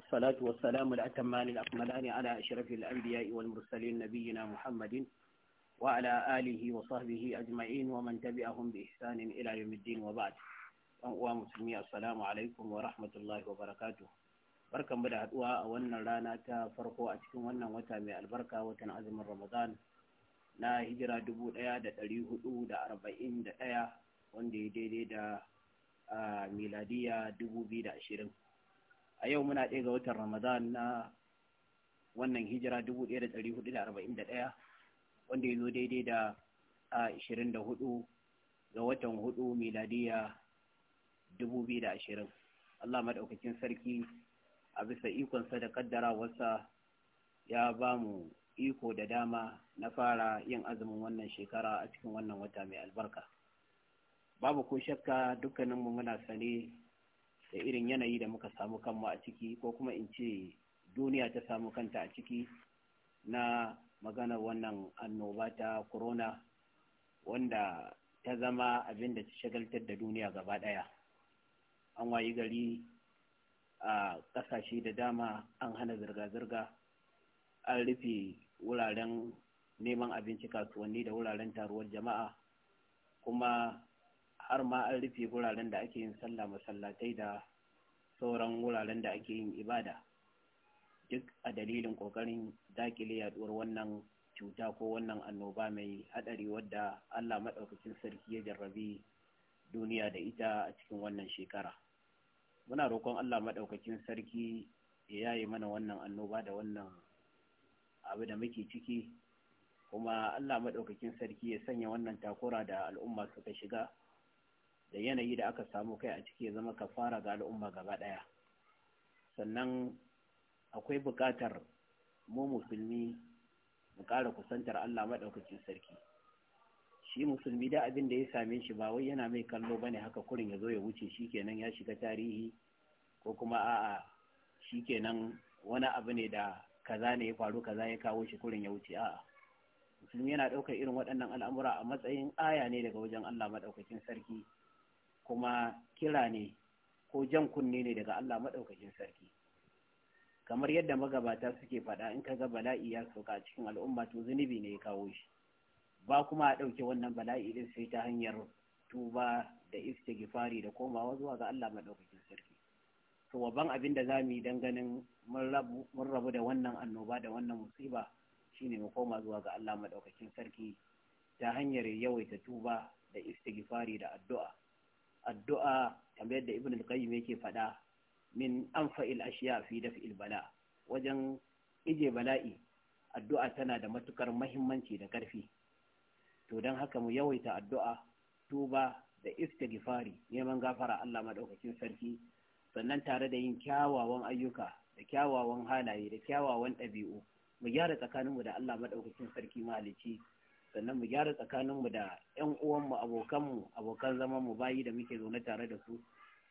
والصلاة والسلام الأتمان الأكملان على أشرف الأنبياء والمرسلين نبينا محمد وعلى آله وصحبه أجمعين ومن تبعهم بإحسان إلى يوم الدين وبعد ومسلمي السلام عليكم ورحمة الله وبركاته barkan da haduwa a wannan rana ta farko a cikin wannan wata mai albarka watan azumin ramadan na hijira dubu ɗaya da ɗari hudu da arba'in da ɗaya wanda ya daidai da miladiya dubu biyu da ashirin a yau muna ɗaya ga watan ramadan na wannan hijira 1441 wanda ya zo daidai da 24 ga watan hudu miladiya 2020 Allah maɗaukakin sarki a bisa ikonsa da kaddara wasa ya ba mu iko da dama na fara yin azumin wannan shekara a cikin wannan wata mai albarka babu ko shakka dukkaninmu muna sane da irin yanayi da muka samu kanmu a ciki ko kuma in ce duniya ta samu kanta a ciki na maganar wannan annoba ta corona wanda ta zama abin da ta shagaltar da duniya gaba ɗaya an wayi gari a ƙasashe da dama an hana zirga-zirga an rufe wuraren neman abinci kasuwanni da wuraren taruwar jama'a kuma har ma an rufe wuraren da ake yin sallah masallatai da sauran wuraren da ake yin ibada duk a dalilin kokarin dakile yaduwar wannan cuta ko wannan annoba mai hadari wadda Allah madaukakin sarki ya jarrabi duniya da ita a cikin wannan shekara muna roƙon Allah madaukakin sarki ya yaye mana wannan annoba da wannan abu da muke ciki kuma Allah madaukakin sarki ya sanya wannan takura da al'umma suka shiga da yanayi da aka samu kai a ciki ya zama ka fara ga al'umma gaba ɗaya sannan akwai buƙatar mu musulmi mu ƙara kusantar Allah maɗaukacin sarki shi musulmi da abin da ya same shi ba wai yana mai kallo bane haka kurin ya zo ya wuce shi kenan ya shiga tarihi ko kuma a'a shi kenan wani abu ne da kaza ne ya faru kaza ya kawo shi kurin ya wuce a'a musulmi yana ɗaukar irin waɗannan al'amura a matsayin aya ne daga wajen Allah maɗaukakin sarki kuma kira ne ko jan kunne ne daga Allah maɗaukakin sarki kamar yadda magabata suke faɗa in ka ga bala'i ya sauka a cikin al'umma to zunubi ne ya kawo shi ba kuma a ɗauke wannan bala'i din sai ta hanyar tuba da istighfari da komawa zuwa ga Allah maɗaukakin sarki to abin da zamu yi dan ganin mun rabu da wannan annoba da wannan musiba shine mu koma zuwa ga Allah maɗaukakin sarki ta hanyar yawaita tuba da istighfari da addu'a addu'a kamar yadda ibn al-qayyim yake faɗa min anfa'il ashiya fi daf'il bala wajen ije bala'i addu'a tana da matukar mahimmanci da ƙarfi to don haka mu yawaita addu'a tuba da istighfari neman gafara Allah madaukakin sarki sannan tare da yin kyawawan ayyuka da kyawawan halaye da kyawawan ɗabi'u mu gyara tsakaninmu da Allah madaukakin sarki mahalici sannan mu gyara tsakaninmu da 'yan uwanmu abokanmu abokan zamanmu bayi da muke zaune tare da su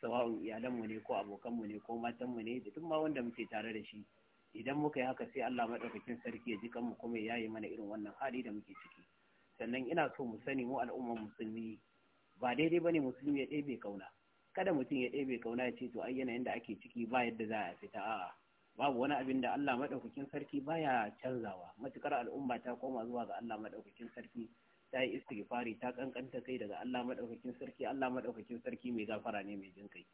sawa'un iyalanmu ne ko abokanmu ne ko matanmu ne da duk ma wanda muke tare da shi idan muka yi haka sai Allah maɗaukakin sarki ya ji kanmu kuma ya yi mana irin wannan hali da muke ciki sannan ina so mu sani mu al'ummar musulmi ba daidai ba ne musulmi ya ɗebe kauna kada mutum ya ɗebe kauna ya ce to ai yanayin da ake ciki ba yadda za a fita a'a babu wani abin da Allah maɗaukakin sarki baya canzawa matukar al'umma ta koma zuwa ga Allah maɗaukakin sarki ta yi istighfari ta kankanta kai daga Allah maɗaukakin sarki Allah maɗaukakin sarki mai gafara ne mai jin kai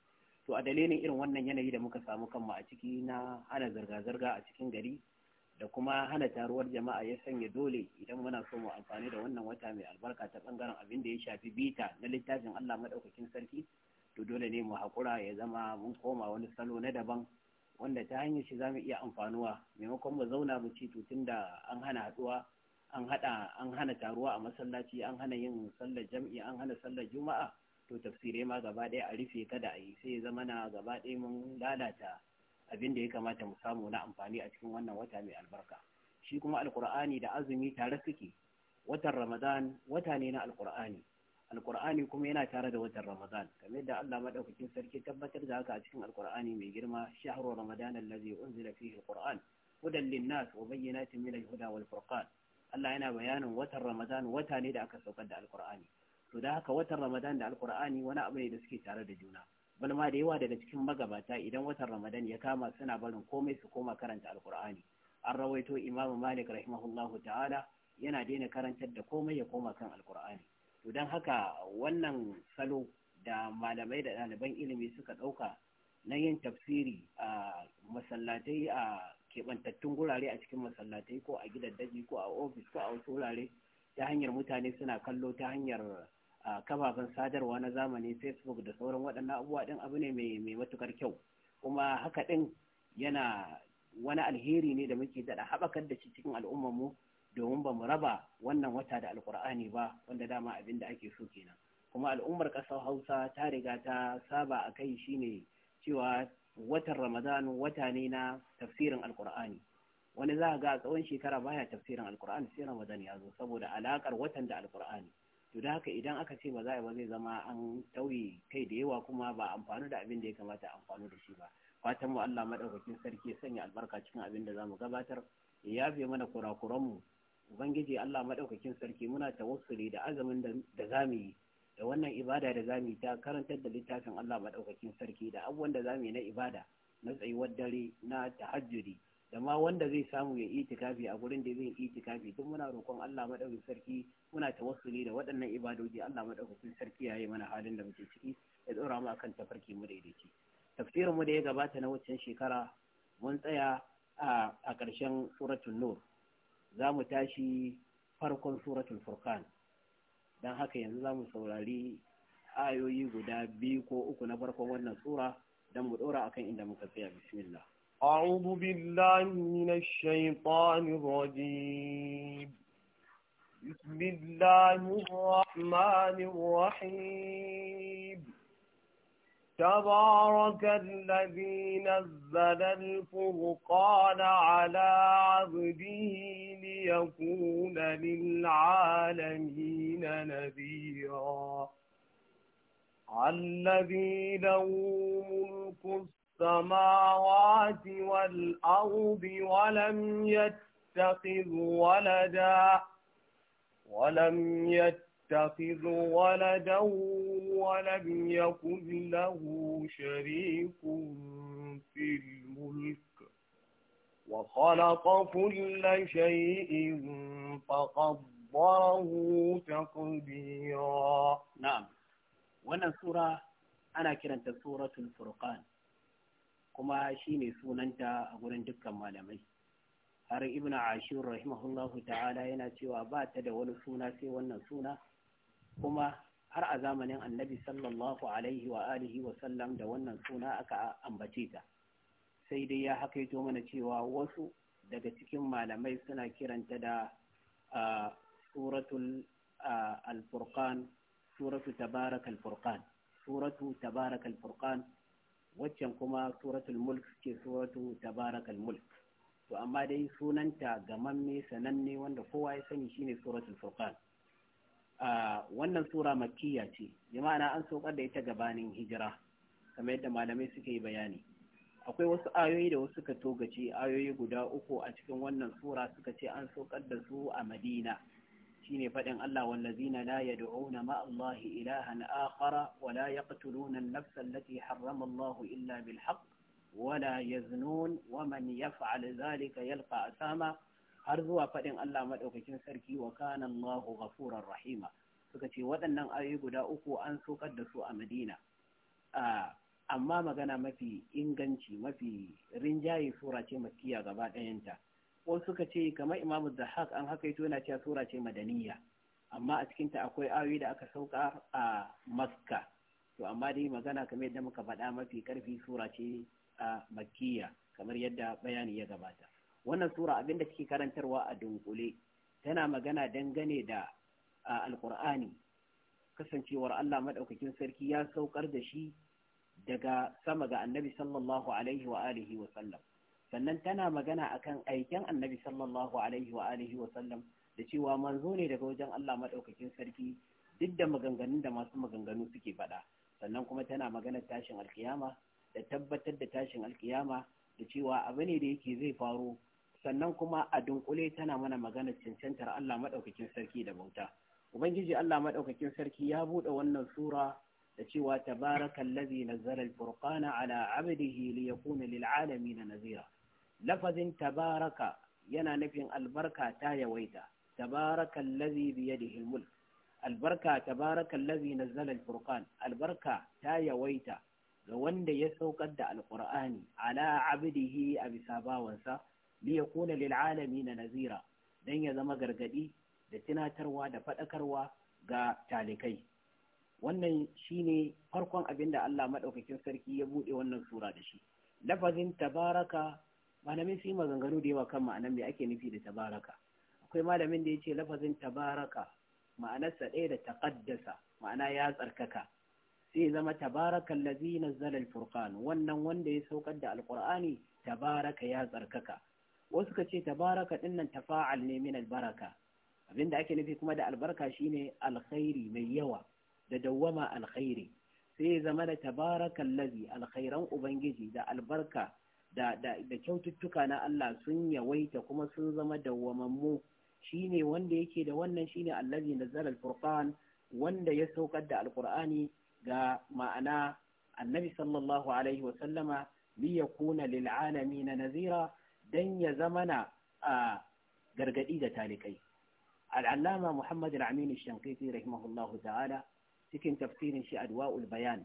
to a dalilin irin wannan yanayi da muka samu kanmu a ciki na hana zirga-zirga a cikin gari da kuma hana taruwar jama'a ya sanya dole idan muna so mu amfani da wannan wata mai albarka ta bangaren abin da ya shafi bita na littafin Allah maɗaukakin sarki to dole ne mu haƙura ya zama mun koma wani salo na daban wanda ta hanyar shi za mu iya amfanuwa maimakon mu zauna mu ci tun da an hana haɗuwa an hada an hana taruwa a masallaci an hana yin sallar jam'i an hana sallar juma'a to tafsirai ma gaba ɗaya a rufe kada a yi sai ya zama na gaba ɗaya mun lalata abin da ya kamata mu samu na amfani a cikin wannan wata mai albarka shi kuma alkur'ani da azumi tare suke watan ramadan wata ne na alkur'ani alkur'ani kuma yana tare da watan ramadan kamar da Allah madaukakin sarki tabbatar da haka a cikin alkur'ani mai girma shahru ramadan allazi unzila fihi alquran hudan linnas wa bayyinatin min alhuda wal furqan Allah yana bayanin watan ramadan wata ne da aka saukar da alkur'ani to da haka watan ramadan da alkur'ani wani abu ne da suke tare da juna balma da yawa daga cikin magabata idan watan ramadan ya kama suna barin komai su koma karanta alkur'ani an rawaito imamu malik rahimahullahu ta'ala yana daina karantar da komai ya koma kan alkur'ani to don haka wannan salo da malamai da ɗaliban ilimi suka ɗauka na yin tafsiri a masallatai a keɓantattun gurare a cikin masallatai ko a daji, ko a ofis ko a wasu wurare ta hanyar mutane suna kallo ta hanyar kafafen sadarwa na zamani facebook da sauran waɗannan abubuwa ɗin abu ne mai matukar kyau kuma haka ɗin yana wani alheri ne da muke daɗa haɓakar da shi cikin al'ummarmu domin ba mu raba wannan wata da alkur'ani ba wanda dama abin da ake so kenan kuma al'ummar ƙasar hausa ta riga ta saba a kai shine cewa watan ramadan wata ne na tafsirin alkur'ani wani za ga a tsawon shekara baya tafsirin alkur'ani sai ramadan ya zo saboda alaƙar watan da alkur'ani to da haka idan aka ce ba za a yi ba zai zama an tauye kai da yawa kuma ba amfani da abin da ya kamata amfani da shi ba fatan mu Allah maɗaukakin sarki ya sanya albarka cikin abin da za mu gabatar ya yafe mana kurakuranmu ubangiji Allah maɗaukakin sarki muna tawassuli da azumin da mu yi da wannan ibada da mu yi ta karantar da littafin Allah maɗaukakin sarki da abubuwan da mu yi na ibada na tsayuwar dare na tahajjudi da ma wanda zai samu ya itikafi a gurin da zai itikafi duk muna roƙon Allah maɗaukakin sarki muna tawassuli da waɗannan ibadoji Allah maɗaukakin sarki ya yi mana halin da muke ciki ya tsora mu akan tafarki mu daidaici tafsirin mu da ya gabata na waccan shekara mun tsaya a ƙarshen suratul nur za mu tashi farkon suratul furqan don haka yanzu za mu saurari ayoyi guda biyu ko uku na farkon wannan sura don mu ɗora akan inda muka tsaya bismillah أعوذ بالله من الشيطان الرجيم بسم الله الرحمن الرحيم تبارك الذي نزل الفرقان على عبده ليكون للعالمين نذيرا الذي له ملك السماوات والأرض ولم يتخذ ولدا ولم يتخذ يتخذ ولدا ولم يكن له شريك في الملك وخلق كل شيء فقدره تقديرا نعم وانا سورة أنا كرنت سورة الفرقان kuma shi ne sunanta a gurin dukkan malamai har ibn ashir rahimahullahu ta'ala yana cewa ba ta da wani suna sai wannan suna kuma har a zamanin annabi sallallahu alaihi wa alihi wa sallam da wannan suna aka ambace ta sai dai ya hakaito mana cewa wasu daga cikin malamai suna kiranta da suratul al-furqan suratu tabarak al-furqan suratu tabarak al-furqan waccan kuma suratul mulk ce suratu tabarak al-mulk to amma dai sunanta gamamme sananne wanda kowa ya sani shine suratul furqan wannan sura makiyya ce jama'a an saukar da ita gabanin hijira kamar yadda malamai suke yi bayani akwai wasu ayoyi da wasu suka ayoyi guda uku a cikin wannan sura suka ce an saukar da su a madina shine faɗin Allah wallazina la yad'una ma Allah ilahan akhara wa la yaqtuluna an-nafsa allati harrama Allah illa bil haqq wa la yaznun wa man yaf'al dhalika yalqa asama har zuwa faɗin Allah maɗaukakin sarki wa kana Allahu ghafurar rahima suka ce waɗannan ayoyi guda uku an sokar da su a Madina amma magana mafi inganci mafi rinjaye sura ce makkiya gaba ɗayanta wasu suka ce kamar imamu zahak an haka ito yana cewa sura ce madaniya amma a cikinta akwai ayoyi da aka sauka a makka to amma dai magana kamar yadda muka faɗa mafi karfi sura ce a makkiya kamar yadda bayani ya gabata wannan sura abin da suke karantarwa a dunkule tana magana dangane da alkur'ani kasancewar Allah maɗaukakin sarki ya saukar da shi daga sama ga annabi sallallahu alaihi wa alihi wa sallam sannan tana magana akan aiken annabi sallallahu alaihi wa alihi wa sallam da cewa manzo ne daga wajen Allah maɗaukakin sarki duk da maganganun da masu maganganu suke faɗa sannan kuma tana magana tashin alkiyama da tabbatar da tashin alkiyama da cewa abu ne da yake zai faru sannan kuma a dunkule tana mana magana cancantar Allah maɗaukakin sarki da bauta ubangiji Allah maɗaukakin sarki ya buɗe wannan sura da cewa Tabaraka, nazzala al-furqana ala 'abdihi liyakuna lil na nazira lafazin tabaraka yana nufin albarka ta yawaita tabarakallazi bi yadihi al albarka tabarakallazi nazzala al Furkan, albarka ta yawaita ga wanda ya saukar da alqur'ani ala 'abdihi a bisa bawansa li yakuna lil na nazira don ya zama gargadi da tunatarwa da faɗakarwa ga talikai wannan shine farkon abin da Allah madaukakin sarki ya buɗe wannan sura da shi lafazin tabaraka malamin su yi maganganu da yawa kan ma'anar me ake nufi da tabaraka akwai malamin da ya ce lafazin tabaraka ma'anarsa ɗaya da taƙaddasa ma'ana ya tsarkaka sai zama tabarakan lazi na zalar furkan wannan wanda ya saukar da alƙur'ani tabaraka ya tsarkaka wasu ka ce tabaraka ɗinnan tafa'al ne min albaraka abinda ake nufi kuma da albarka shine alkhairi mai yawa da dawwama alkhairi sai ya zama da tabarakan lazi alkhairan ubangiji da albarka da da kyaututtuka na Allah sun yawaita kuma sun zama dawwamammu shine wanda yake da wannan shine allazi nazzala alfurqan wanda ya saukar da alqur'ani ga ma'ana annabi sallallahu alaihi wa sallama li yakuna lil alamin nazira dan ya zama a gargadi da talikai al'allama muhammad al-amin shankiti rahimahullahu ta'ala cikin tafsirin shi adwa'ul bayan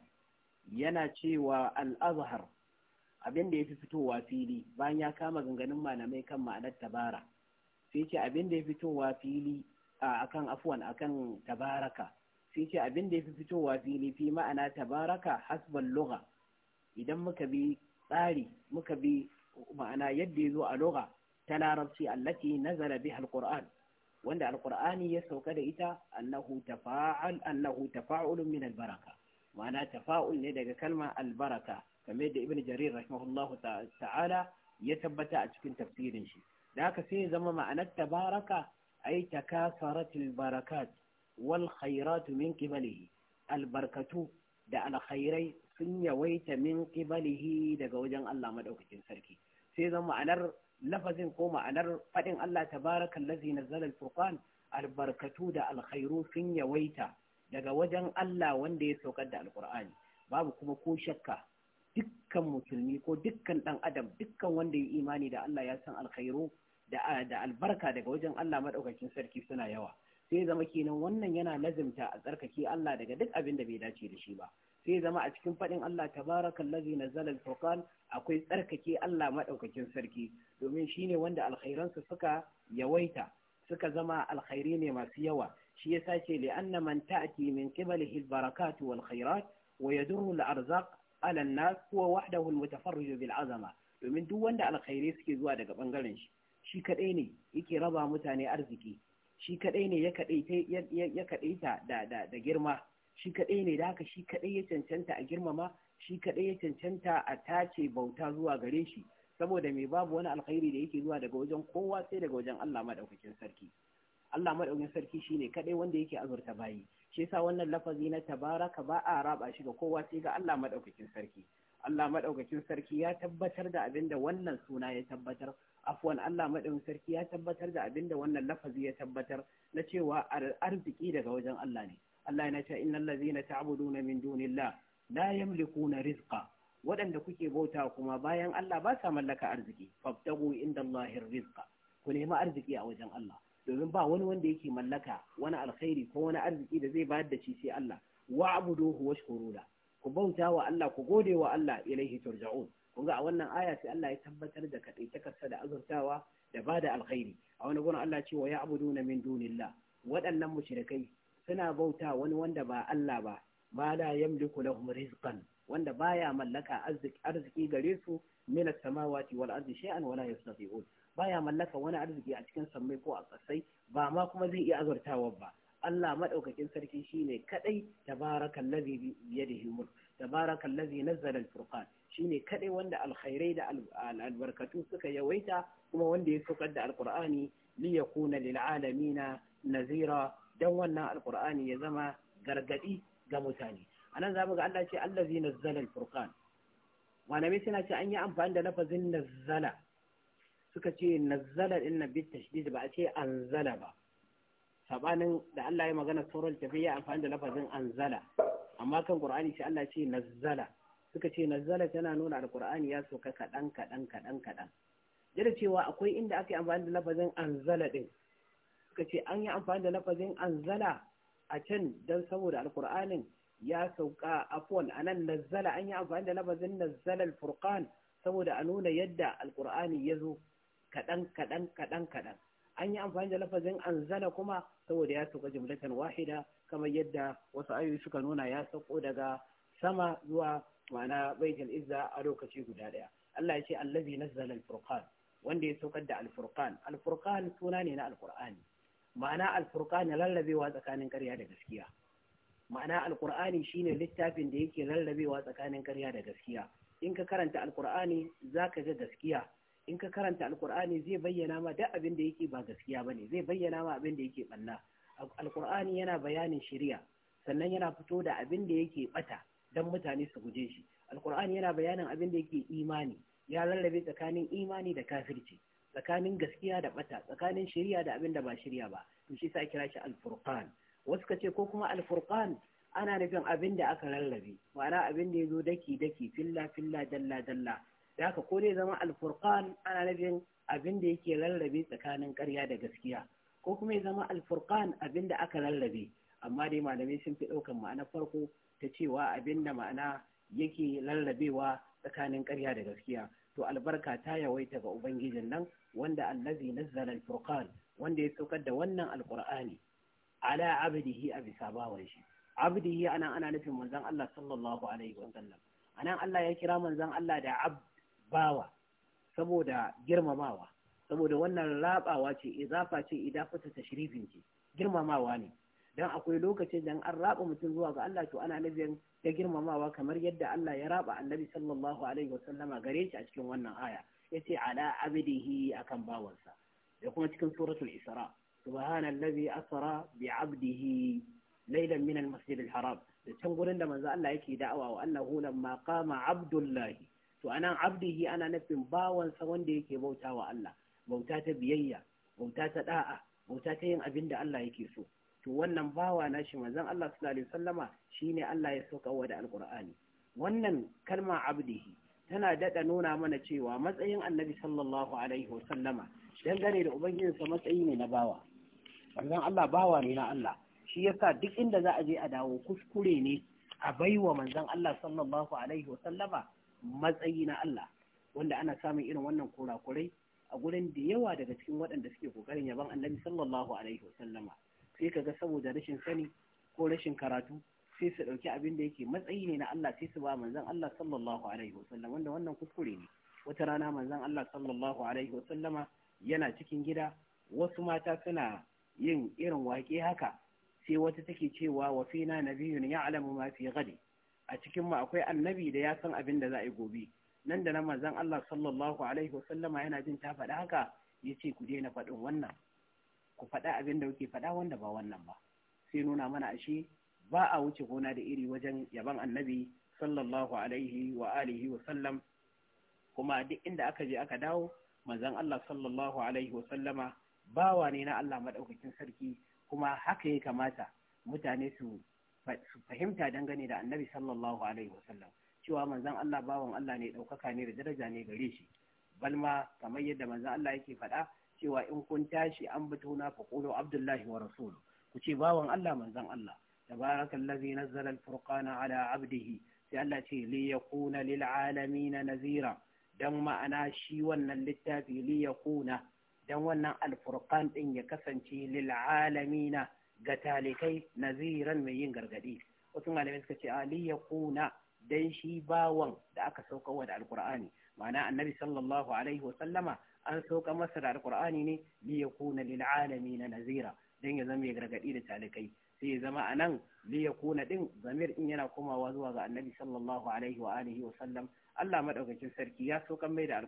yana cewa al-azhar abin da yafi fitowa fili bayan ya kama ganganin malamai kan ma'anar tabara sai ce abin da ya fitowa fili akan afwan akan tabaraka sai ce abin da ya fi fitowa fili fi ma'ana tabaraka hasban lugha idan muka bi tsari muka bi ma'ana yadda ya zo a lugha ta larabci allati nazala biha alquran wanda alqur'ani ya sauka da ita annahu tafa'al annahu tafa'ulun min albaraka ma'ana tafa'ul ne daga kalma albaraka kamar yadda ibn jarir rahimahullahu ta'ala ya tabbata a cikin tafsirin shi da haka sai zama ma'anar tabaraka ai takasarat albarakat wal khairat min qibalihi albarkatu da alkhairai sun yawaita min qibalihi daga wajen Allah madaukakin sarki sai zan ma'anar lafazin ko ma'anar fadin Allah tabarakallazi nazzala al-furqan albarkatu da alkhairu sun yawaita daga wajen Allah wanda ya saukar da alkur'ani babu kuma ko shakka dukkan musulmi ko dukkan dan adam dukkan wanda ya imani da Allah ya san alkhairu da da albarka daga wajen Allah madaukakin sarki suna yawa sai zama kenan wannan yana lazimta a tsarkake Allah daga duk abin da bai dace da shi ba sai zama a cikin faɗin Allah tabarakal ladzi nazzala al-furqan akwai tsarkake Allah maɗaukakin sarki domin shine wanda alkhairansa suka yawaita suka zama alkhairi ne masu yawa shi yasa ce li'anna man ta'ti min qibalihi al-barakat wal khairat wa yadurru al-arzaq ala nas huwa wahdahu al-mutafarrij bil azama domin duk wanda alkhairi suke zuwa daga bangaren shi shi kadai ne yake raba mutane arziki shi kadai ne ya kadaita ya kadaita da da girma shi kaɗai ne da haka shi kaɗai ya cancanta a girmama shi kaɗai ya cancanta a tace bauta zuwa gare shi saboda mai babu wani alkhairi da yake zuwa daga wajen kowa sai daga wajen Allah madaukakin sarki Allah madaukakin sarki shine kaɗai wanda yake azurta bayi shi yasa wannan lafazi na tabaraka ba a raba shi ga kowa sai ga Allah madaukakin sarki Allah madaukakin sarki ya tabbatar da abinda wannan suna ya tabbatar afwan Allah madaukakin sarki ya tabbatar da abinda wannan lafazi ya tabbatar na cewa arziki daga wajen Allah ne Allah yana cewa innal ladzina ta'buduna min dunillah la yamlikuna rizqa waɗanda kuke bauta kuma bayan Allah ba sa mallaka arziki fabtagu inda Allahin rizqa ku nemi arziki a wajen Allah domin ba wani wanda yake mallaka wani alkhairi ko wani arziki da zai bayar da shi sai Allah wa abuduhu washkuru la ku bauta wa Allah ku gode wa Allah ilaihi turja'un kun ga a wannan aya sai Allah ya tabbatar da kadai takarsa da azurtawa da bada alkhairi a wani gurin Allah ce wa ya'buduna min dunillah waɗannan mushrikai suna bauta wani wanda ba Allah ba ma la yamliku lahum rizqan wanda baya mallaka arziki gare su min as-samawati wal ardi shay'an wala yastati'un baya mallaka wani arziki a cikin sammai ko a kasai ba ma kuma zai iya azurtawa ba Allah madaukakin sarki shine kadai tabarakal ladhi bi yadihi mulk tabarakal ladhi nazzala al-furqan shine kadai wanda alkhairai da albarkatu suka yawaita kuma wanda ya saukar da alqur'ani li yakuna lil alamina nazira don wannan alkur'ani ya zama gargadi ga mutane a nan za mu ga Allah ce allazi nazzala alfurqan Malami suna ce an yi amfani da lafazin nazzala suka ce nazzala din na bi tashdid ba a ce anzala ba sabanin da Allah ya magana sauran tafiya amfani da lafazin anzala amma kan qur'ani sai Allah ce nazzala suka ce nazzala tana nuna alkur'ani ya sauka kaɗan kaɗan kaɗan kaɗan da cewa akwai inda ake amfani da lafazin anzala din suka ce an yi amfani da lafazin anzala a can don saboda alkur'anin ya sauka a anan nazzala an yi amfani da lafazin nazzala alfurqan saboda a nuna yadda alkur'ani ya zo kaɗan kaɗan kaɗan kaɗan an yi amfani da lafazin anzala kuma saboda ya sauka jumlatan wahida kamar yadda wasu ayoyi suka nuna ya sauko daga sama zuwa ma'ana baitul izza a lokaci guda ɗaya Allah ya ce allazi nazzala alfurqan wanda ya saukar da alfurqan alfurqan suna ne na alkur'ani ma'ana alfurqani lallabewa tsakanin ƙarya da gaskiya ma'ana alqur'ani shine littafin da yake lallabewa tsakanin ƙarya da gaskiya in ka karanta alqur'ani zaka ga gaskiya in ka karanta alqur'ani zai bayyana ma duk abin da yake ba gaskiya bane zai bayyana ma abin da yake banna alqur'ani yana bayanin shari'a sannan yana fito da abin da yake bata dan mutane su guje shi alqur'ani yana bayanin abin da yake imani ya lallabe tsakanin imani da kafirci tsakanin gaskiya da bata tsakanin shirya da abin da ba shirya ba to shi sa kira shi alfurqan wasu ka ce ko kuma alfurqan ana nufin abin da aka rarrabe ma'ana abin da ya zo daki daki filla filla dalla dalla da haka ko dai zama alfurqan ana nufin abin da yake rarrabe tsakanin ƙarya da gaskiya ko kuma ya zama alfurqan abin da aka rarrabe amma dai malamai sun fi ɗaukan ma'ana farko ta cewa abin da ma'ana yake rarrabewa tsakanin ƙarya da gaskiya to albarka ta yawaita ga ubangijin nan wanda allazi nazzala al-furqan wanda ya saukar da wannan alqur'ani ala abdihi a bisa bawan shi abdihi ana ana nufin manzon Allah sallallahu alaihi wa sallam anan Allah ya kira manzon Allah da abd bawa saboda girmamawa saboda wannan rabawa ce izafa ce idafata tashrifin ce girmamawa ne dan akwai lokacin da an raba mutum zuwa ga Allah to ana nufin da girmamawa kamar yadda Allah ya raba annabi sallallahu alaihi wasallama gare shi a cikin wannan aya yace ala abdihi akan bawansa da kuma cikin suratul isra subhanallazi asra bi abdihi laylan min almasjid Haram, da can gurin da manzo Allah yake da'awa wa annahu lamma qama abdullahi to anan abdihi ana nufin bawansa wanda yake bauta wa Allah bauta ta biyayya bauta ta da'a bauta ta yin abin da Allah yake so to wannan bawa na shi manzon Allah sallallahu alaihi wasallama shine Allah ya sauka wa da alqur'ani wannan kalma abdihi tana dada nuna mana cewa matsayin annabi sallallahu alaihi wasallama dangane da sa matsayi ne na bawa manzon Allah bawa ne na Allah shi yasa duk inda za a je a dawo kuskure ne a baiwa manzon Allah sallallahu alaihi wasallama matsayi na Allah wanda ana samun irin wannan kurakurai a gurin da yawa daga cikin waɗanda suke kokarin yaban annabi sallallahu alaihi wasallama sai ka ga saboda rashin sani ko rashin karatu sai su ɗauki abin da yake matsayi ne na Allah sai su ba manzon Allah sallallahu alaihi wasallam wanda wannan kuskure ne wata rana manzon Allah sallallahu alaihi wasallama yana cikin gida wasu mata suna yin irin waƙe haka sai wata take cewa wa fina nabiyun ya'lamu ma fi ghadi a cikin mu akwai annabi da ya san abin da za a yi gobe nan da nan manzon Allah sallallahu alaihi wasallama yana jin ta faɗa haka yace ku daina faɗin wannan ku faɗa abin da kuke faɗa wanda ba wannan ba sai nuna mana ashe ba a wuce gona da iri wajen yaban annabi sallallahu alaihi wa alihi wa sallam kuma duk inda aka je aka dawo manzon Allah sallallahu alaihi wa sallama bawa ne na Allah madaukakin sarki kuma haka ya kamata mutane su fahimta dangane da annabi sallallahu alaihi wa sallam cewa manzon Allah bawan Allah ne ɗaukaka ne da daraja ne gare shi balma kamar yadda manzon Allah yake faɗa cewa in kun tashi an batuna fa qulu abdullahi wa rasulu ku ce bawan Allah manzon Allah tabarakallazi nazzala al-furqana ala abdihi sai Allah ce li yakuna lil alamin nazira dan ma'ana shi wannan littafi li yakuna dan wannan al-furqan din ya kasance lil alamin ga talikai naziran mai yin gargadi wasu malamai suka ce ali yakuna dan shi bawan da aka sauka wa da Alkur'ani. ma'ana annabi sallallahu alaihi wa sallama an sauka masa da alkur'ani ne ya kuna lil alamin nazira dan ya zama ya gargadi da talikai sai ya zama anan ya na din zamir din yana komawa zuwa ga annabi sallallahu alaihi wa alihi wa sallam Allah madaukakin sarki ya sauka mai da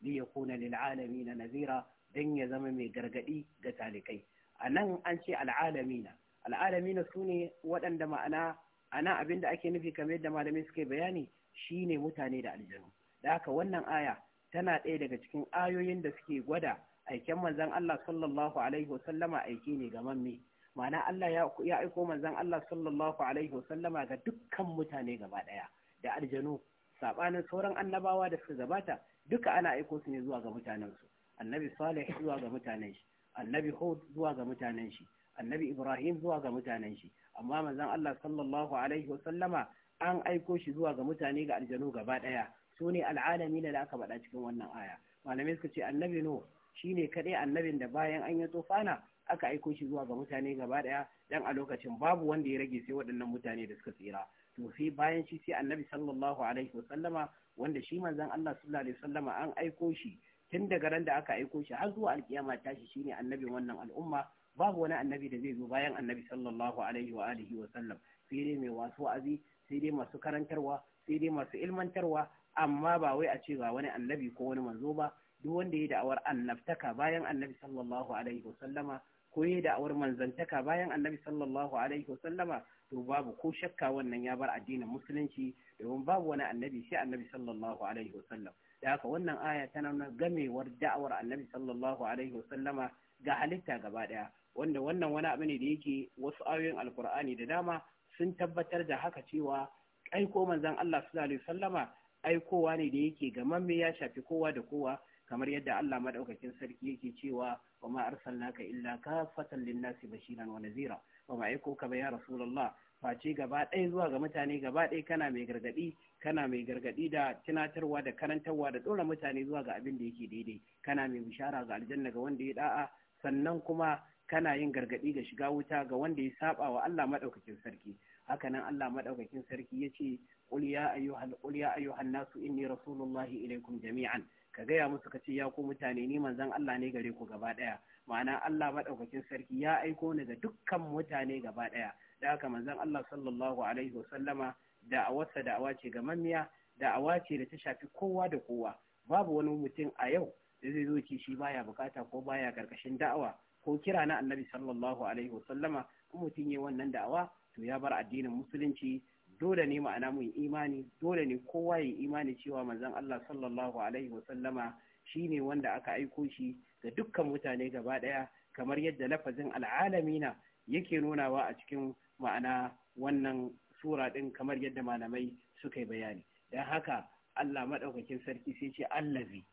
bi ya kuna lil alamin nazira dan ya zama mai gargadi ga talikai anan an ce al na. al alamina sune waɗanda ma'ana ana abin da ake nufi kamar yadda malamai suke bayani shine mutane da aljanu da haka wannan aya tana ɗaya daga cikin ayoyin da suke gwada aiken manzan Allah sallallahu alaihi wasallama aiki ne ga mamme ma'ana Allah ya aiko manzan Allah sallallahu alaihi wasallama ga dukkan mutane gaba ɗaya da aljanu saɓanin sauran annabawa da suka gabata duka ana aiko su ne zuwa ga mutanensu annabi salih zuwa ga mutanen shi annabi hud zuwa ga mutanen shi annabi ibrahim zuwa ga mutanen shi amma manzon Allah sallallahu alaihi wasallama an aiko shi zuwa ga mutane ga aljanu gaba ɗaya su ne al'alamin da aka faɗa cikin wannan aya malamai suka ce annabi no shine kadai annabin da bayan an yi tsofana aka aiko shi zuwa ga mutane gaba daya dan a lokacin babu wanda ya rage sai waɗannan mutane da suka tsira to sai bayan shi sai annabi sallallahu alaihi sallama, wanda shi manzon Allah sallallahu alaihi sallama, an aiko shi tun daga ran da aka aiko shi har zuwa alkiyama tashi shine annabin wannan al'umma babu wani annabi da zai zo bayan annabi sallallahu alaihi wa alihi wa sallam sai dai mai wasu wa'azi sai dai masu karantarwa sai dai masu ilmantarwa amma ba wai a ce ga wani annabi ko wani manzo ba duk wanda ya da'awar annabtaka bayan annabi sallallahu alaihi wasallama ko ya da'awar manzantaka bayan annabi sallallahu alaihi wasallama to babu ko shakka wannan ya bar addinin musulunci domin babu wani annabi sai annabi sallallahu alaihi wasallam da haka wannan aya tana nuna gamewar da'awar annabi sallallahu alaihi wasallama ga halitta gaba daya wanda wannan wani abu ne da yake wasu ayoyin alkur'ani da dama sun tabbatar da haka cewa aiko manzon Allah sallallahu alaihi wasallama aikowa ne da yake ga mamme ya shafi kowa da kowa kamar yadda Allah madaukakin sarki yake cewa wa ma arsalnaka illa kafatan linnasi bashiran wa nazira wa ma aiko ka ba ya rasulullah face gaba ɗaya zuwa ga mutane gaba ɗaya kana mai gargaɗi kana mai gargaɗi da tunatarwa da karantarwa da ɗora mutane zuwa ga abin da yake daidai kana mai bishara ga aljanna ga wanda ya da'a sannan kuma kana yin gargaɗi ga shiga wuta ga wanda ya saba wa Allah madaukakin sarki hakanan Allah madaukakin sarki ya ce qul ya ayyuhan qul ya ayyuhan nasu inni rasulullahi ilaikum jami'an ka gaya musu ka ce ya mutane ni manzon Allah ne gare ku gaba ɗaya. ma'ana Allah madaukakin sarki ya aiko ni ga dukkan mutane gaba daya da haka manzon Allah sallallahu alaihi wasallama da'awarsa da'awa ce ga mamiya da'awa ce da ta shafi kowa da kowa babu wani mutum a yau da zai zo ce shi baya bukata ko baya karkashin da'awa ko kira na annabi sallallahu alaihi wasallama in mutum ya wannan da'awa to ya bar addinin musulunci dole ne ma'ana mun imani dole ne kowa ya imani cewa manzon Allah sallallahu alaihi wa sallama shine wanda aka aiko shi ga dukkan mutane gaba daya kamar yadda lafazin al'alamina yake nunawa a cikin ma'ana wannan sura din kamar yadda malamai suka yi bayani dan haka Allah madaukakin sarki sai ce allazi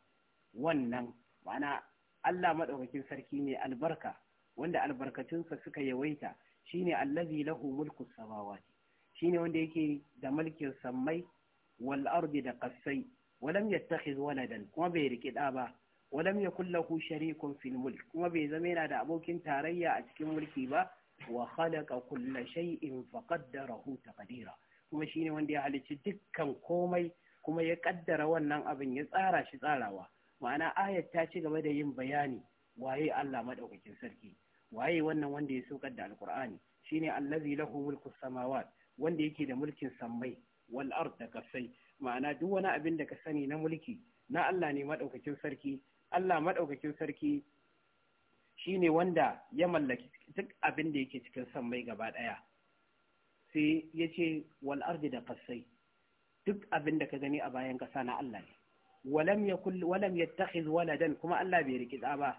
wannan ma'ana Allah maɗaukakin sarki ne albarka wanda albarkatunsa suka yawaita shine allazi lahu mulku samawati shine wanda yake da mulkin sammai wal ardi da qassai walam yattakhiz waladan kuma bai riki da ba walam yakul lahu sharikun fil mulk kuma bai zama yana da abokin tarayya a cikin mulki ba wa khalaqa kulla shay'in qaddarahu taqdira kuma shine wanda ya halicci dukkan komai kuma ya kaddara wannan abin ya tsara shi tsarawa ma'ana ayat ta ci gaba da yin bayani waye Allah madaukakin sarki waye wannan wanda ya saukar da alqur'ani shine allazi lahu mulku samawat wanda yake da mulkin sammai wal ard da kasai ma'ana duk wani abin da ka sani na mulki na Allah ne madaukakin sarki Allah madaukakin sarki shine wanda ya mallaki duk abin da yake cikin sammai gaba daya sai yace wal ard da kasai duk abin da ka gani a bayan kasa na Allah ne walam yakul walam yattakhiz waladan kuma Allah bai riki da ba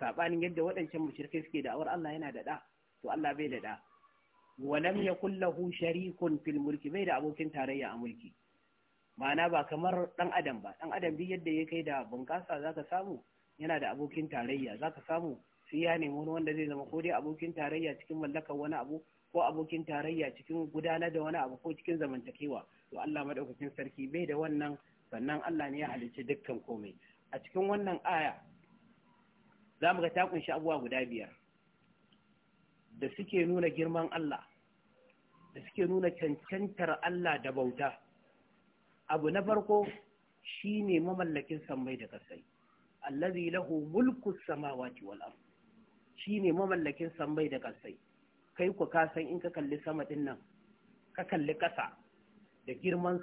sabanin yadda waɗancan mushrikai suke da awar Allah yana da da to Allah bai da da wa lam yakul lahu sharikun fil mulki bai da abokin tarayya a mulki ma'ana ba kamar dan adam ba dan adam bi yadda ya kai da bunkasa zaka samu yana da abokin tarayya zaka samu sai ya nemi wani wanda zai zama ko dai abokin tarayya cikin mallakar wani abu ko abokin tarayya cikin gudanar da wani abu ko cikin zamantakewa to Allah madaukakin sarki bai da wannan sannan Allah ne ya halicci dukkan komai a cikin wannan aya za mu ga ta kunshi abubuwa guda biyar da suke nuna girman Allah da suke nuna cancantar Allah da bauta abu na farko ne mamallakin sammai da kasai allazi lahu mulku samawati wal shi ne mamallakin sammai da kasai kai ku ka san in ka kalli sama din nan ka kalli kasa da girman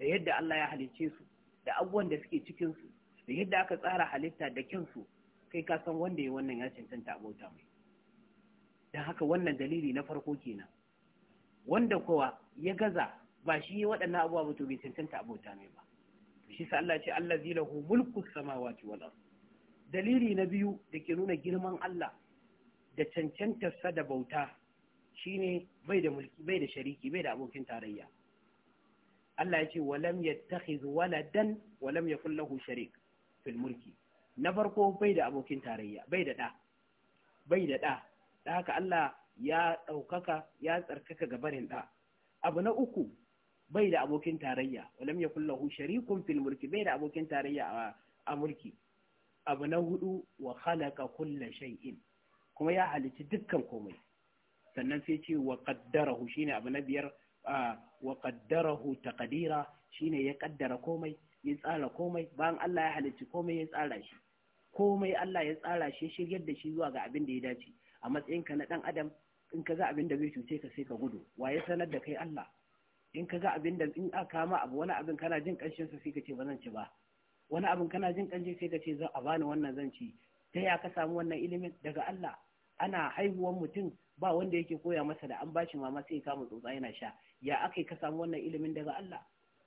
da yadda Allah ya halice su da abubuwan da suke cikin su da yadda aka tsara halitta da kyansu kai ka san wanda ya wannan ya cancanta abota mai don haka wannan dalili na farko kenan wanda kowa ya gaza ba shi yi waɗannan abuwa ba to bai cancanta abota mai ba shi sa Allah ce Allah zai lahu mulku samawati wal dalili na biyu da ke nuna girman Allah da sa da bauta shine bai da mulki bai da shariki bai da abokin tarayya Allah ya ce walam yattakhiz waladan walam yakul lahu sharik fil mulki na farko bai da abokin tarayya bai da da bai da da da haka Allah ya ɗaukaka ya tsarkaka ga barin ɗa abu na uku bai da abokin tarayya walam ya hu sharikun fil mulki bai da abokin tarayya a mulki abu na hudu wa khalaqa kulla shay'in kuma ya halici dukkan komai sannan sai ce wa qaddarahu shine abu na biyar wa qaddarahu taqdira shine ya kaddara komai ya tsara komai bayan Allah ya halicci komai ya tsara shi komai Allah ya tsara shi shiryar da shi zuwa ga abin da ya dace a matsayinka na ɗan adam in ka ga abin da zai cuce ka sai ka gudu waye sanar da kai Allah in ka ga abin da in aka kama abu wani abin kana jin kanshin sa sai ka ce ba zan ci ba wani abin kana jin kanshin sai ka ce za a bani wannan zan ci ta ya ka samu wannan ilimin daga Allah ana haihuwar mutum ba wanda yake koya masa da an bashi mama sai kama tsotsa yana sha ya aka ka samu wannan ilimin daga Allah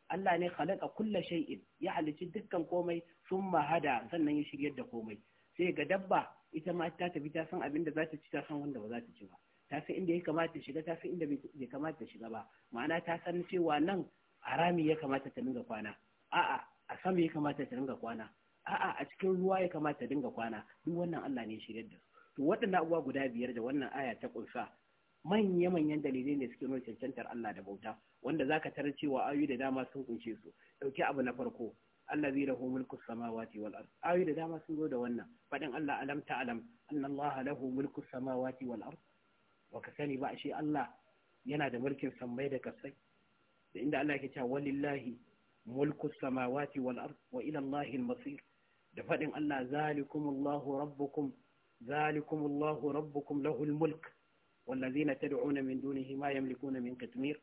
Allah ne khalaqa kulla shay'in ya halicci dukkan komai summa hada sannan ya shiryar da komai sai ga dabba ita ma ta tafi ta san abin da za ta ci ta san wanda ba za ta ci ba ta san inda ya kamata ta shiga ta san inda bai kamata ta shiga ba ma'ana ta san cewa nan harami ya kamata ta dinga kwana a'a a sama ya kamata ta dinga kwana a'a a cikin ruwa ya kamata ta dinga kwana duk wannan Allah ne shirye da to waɗannan abubuwa guda biyar da wannan aya ta kunsa manya-manyan dalilai ne suke nuna cancantar Allah da bauta wanda zaka tarar cewa ayoyi da dama sun kunshe su dauki abu na farko allazi lahu mulku samawati wal ard da dama sun zo da wannan fadin Allah alam ta'lam anna Allah samawati wal ard sani ba shi Allah yana da mulkin sammai da kasai da inda Allah yake cewa walillahi mulku samawati wal wa da fadin Allah والذين تدعون من دونه ما يملكون من كتمير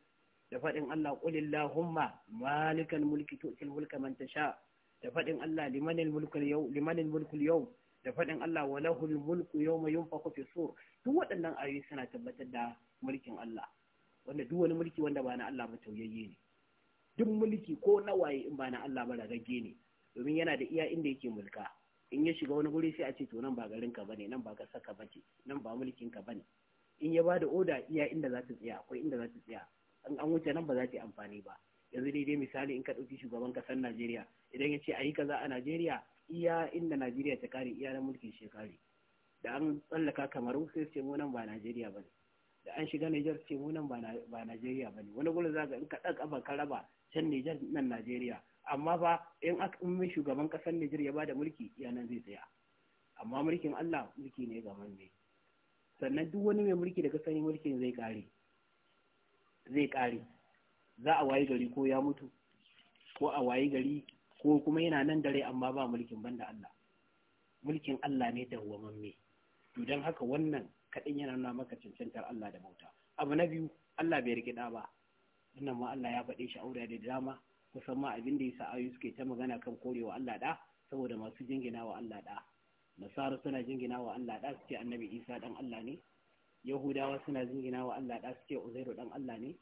da faɗin Allah qulillahumma malikal mulki tu'til mulka man tasha da faɗin Allah limanil mulkul yau limanil yau da faɗin Allah walahul mulku yawma yunfa fi sur duk waɗannan ayoyi suna tabbatar da mulkin Allah wanda duk wani mulki wanda ba na Allah ba tauyayye ne duk mulki ko nawaye in ba na Allah ba rage ne domin yana da iya inda yake mulka in ya shiga wani guri sai a ce to nan ba garin ka bane nan ba kasar ka bace nan ba mulkin ka bane in ya bada oda iya inda za ta tsaya akwai inda za ta tsaya in an wuce nan ba za ta yi amfani ba yanzu dai dai misali in ka ɗauki shugaban ƙasar Najeriya idan ya ce a yi kaza a Najeriya iya inda Najeriya ta kare iya na mulkin shekari da an tsallaka kamaru sai ce mu nan ba Najeriya ba da an shiga Nijar ce mu nan ba Najeriya ba ne wani gurin za in ka ɗaga ba ka raba can Nijar nan Najeriya amma fa in aka in shugaban ƙasar Nijar ya bada mulki iya nan zai tsaya amma mulkin Allah mulki ne ga manne sannan duk wani mai mulki da ka sani mulkin zai kare zai ƙare za a wayi gari ko ya mutu ko a wayi gari ko kuma yana nan dare amma ba mulkin banda Allah mulkin Allah ne mamme. to dan haka wannan kadin yana nuna maka cancantar Allah da bauta abu na biyu Allah bai rikida ba wannan ma Allah ya faɗe shi aure da dama kusan ma abin da yasa ayu suke ta magana kan korewa Allah da saboda masu jingina wa Allah da nasara suna jinginawa Allah da suke annabi Isa dan Allah ne yahudawa suna jingina wa Allah da suke uzairu dan Allah ne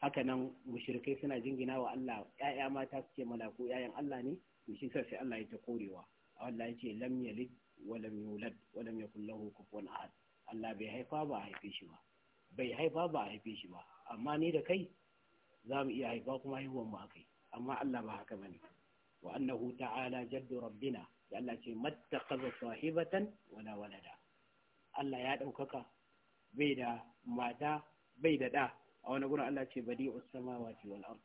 haka nan mushrikai suna jingina wa Allah Ya'ya mata suke malaku 'ya'yan Allah ne to shi sai Allah ya ta korewa Allah ya ce lam yalid wa lam yulad wa lam yakul lahu kufuwan ahad Allah bai haifa ba a haife shi ba bai haifa ba a haife shi ba amma ni da kai za mu iya haifa kuma haihuwan mu akai amma Allah ba haka bane wa annahu ta'ala jaddu rabbina da Allah ce mattakhadha sahibatan wala walada Allah ya daukaka bai da mata bai da ɗa a wani gurin Allah ce badi usama wa wal ard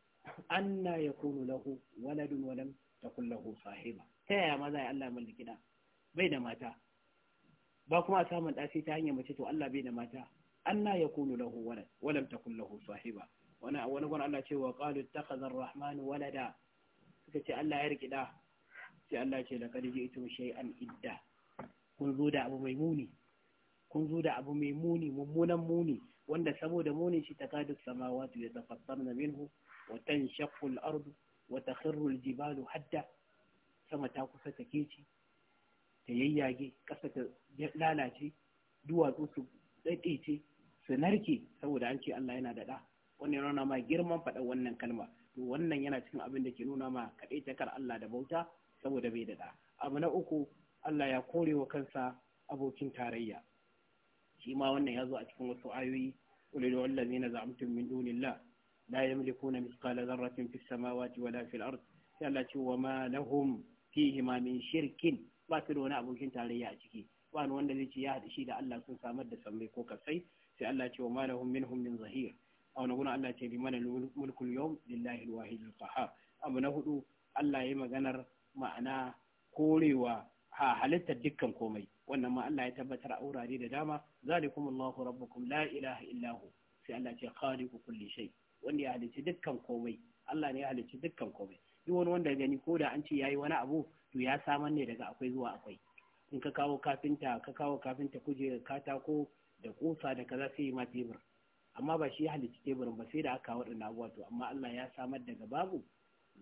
anna yakunu lahu waladun wa lam takun lahu sahiba ta yaya ma zai Allah mallaki ɗa? bai da mata ba kuma a samun ɗa sai ta hanyar mace to Allah bai da mata anna yakunu lahu walad wa lam takun lahu sahiba wani wani gurin Allah ce wa qalu ittakhadha ar-rahman walada suka ce Allah ya riki ɗa. sai Allah ce laqad ji'tum shay'an idda kun zo da abu mai muni kun zo da abu mai muni mummunan muni wanda saboda muni shi ta ya tafassar na minhu wa tanshaqqu al-ardu wa takhirru al-jibalu hadda sama ta kusa ta keci ta yayyage ƙasa ta lalace duwatsu su daɗe su narke saboda an ce Allah yana daɗa. ɗa wannan yana nuna ma girman faɗa wannan kalma to wannan yana cikin abin da ke nuna ma kaɗai takar Allah da bauta saboda bai daɗa. abu na uku Allah ya kore wa kansa abokin tarayya shi ma wannan ya zo a cikin wasu ayoyi qul lil ladina za'amtum min dunillah la yamlikuna mithqala dharratin fis samawati wala fil ard sai Allah ce wa ma lahum fihi ma min shirkin ba su da wani abokin tarayya a ciki ba wani wanda zai ce ya haɗu shi da Allah sun samar da sammai ko kasai sai Allah ce wa ma lahum minhum min zahir a wani gurin Allah ce liman mulkul yawm lillahi alwahid alqahar abu na hudu Allah ya yi maganar ma'ana korewa ha halittar dukkan komai wannan ma Allah ya tabbatar a wurare da dama Allahu rabbukum la ilaha illahu sai Allah ce khaliqu kulli shay wanda ya halicci dukkan komai Allah ne ya halicci dukkan komai duk wani wanda gani ko da an ce yayi wani abu to ya samar ne daga akwai zuwa akwai in ka kawo kafinta ka kawo kafinta kujera katako da kusa da kaza sai ma tebur amma ba shi ya halicci tebur ba sai da aka waɗanda abuwa to amma Allah ya samar daga babu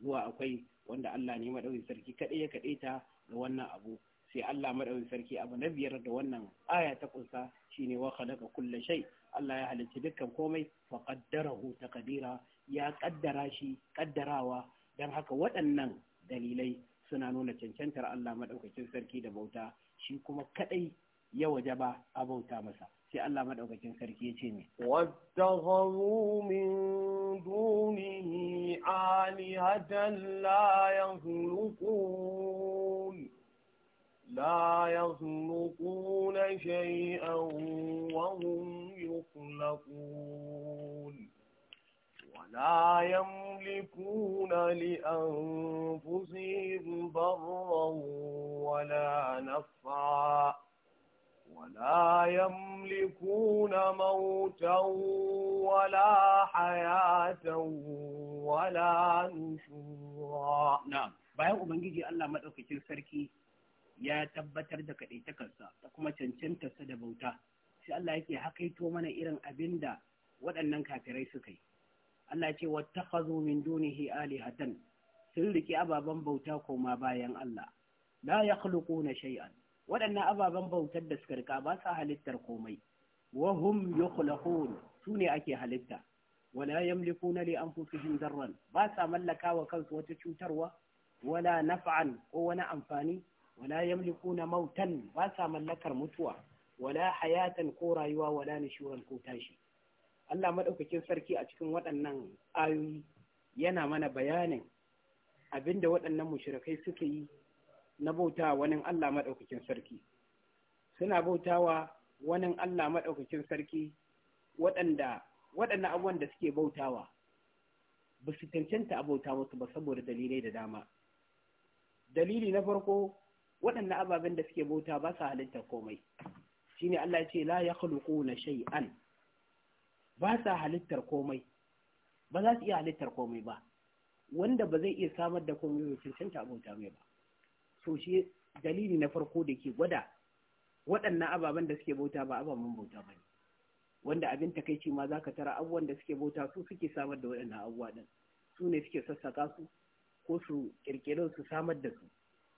zuwa akwai wanda Allah ne madauki sarki kaɗai ya kaɗai ta da wannan abu sai Allah madaukakin sarki abu na biyar da wannan aya ta kunsa shine wa khalaqa kulla shay Allah ya halicci dukkan komai fa qaddarahu taqdira ya ƙaddara shi ƙaddarawa. dan haka waɗannan dalilai suna nuna cancantar Allah madaukakin sarki da bauta shi kuma kadai ya wajaba a bauta masa sai Allah madaukakin sarki ya ce ne wattakhadhu min dunihi alihatan la yakhluqun لا يخلقون شيئا وهم يخلقون ولا يملكون لأنفسهم ضرا ولا نفعا ولا يملكون موتا ولا حياة ولا نشورا نعم bayan ubangiji Allah madaukakin sarki ya tabbatar da kaɗaitakarsa ta kuma cancanta cancantarsa da bauta sai Allah yake hakaito mana irin abin da waɗannan kafirai suka yi Allah ce wattakhadhu min dunihi alihatan sun riƙe ababen bauta koma bayan Allah la yakhluquna shay'an waɗannan ababen bautar da suka rika ba sa halittar komai wa hum yukhlaqun sune ake halitta wala yamlikuna li anfusihim darran ba sa mallaka wa kansu wata cutarwa wala naf'an ko wani amfani wala yamlikuna mautan ba sa mallakar mutuwa wala hayatan ko rayuwa wala nishuran ko tashi Allah madaukakin sarki a cikin waɗannan ayoyi yana mana bayanin abinda waɗannan mushrikai suke yi na bauta wani Allah madaukakin sarki suna bautawa wani Allah madaukakin sarki waɗanda waɗannan abubuwan da suke bautawa ba su cancanta bauta musu ba saboda dalilai da dama dalili na farko waɗannan ababen da suke bauta ba sa halitta komai shine Allah ya ce la na shay'an ba sa halittar komai ba za su iya halittar komai ba wanda ba zai iya samar da komai ba cancanta abota mai ba so shi dalili na farko da ke gwada waɗannan ababen da suke bauta ba ababen bauta ba ne wanda abin takaici ma za ka tara abubuwan da suke bauta su suke samar da waɗannan abubuwa ɗin su ne suke sassaka su ko su ƙirƙirar su samar da su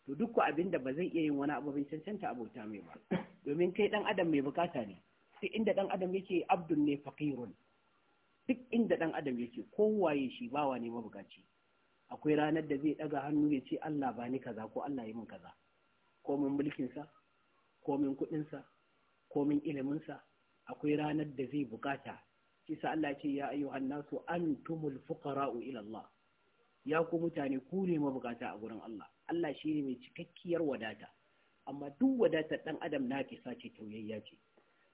to duk abin da ba zai iya yin wani abu cancanta abota mai ba domin kai dan adam mai bukata ne sai inda dan adam yake Abdul ne faqirun duk inda dan adam yake kowaye shi bawa ne mabukaci akwai ranar da zai daga hannu ya ce Allah ba ni kaza ko Allah yi min kaza Ko min mulkin sa ko min kudin sa ko min ilimin sa akwai ranar da zai bukata shi sa Allah ce ya ayyuhan nasu antumul fuqara ila Allah ya ku mutane ku ne mabukata a gurin Allah Allah shi ne mai cikakkiyar wadata amma duk wadatar ɗan adam na ke sace tauyayya ce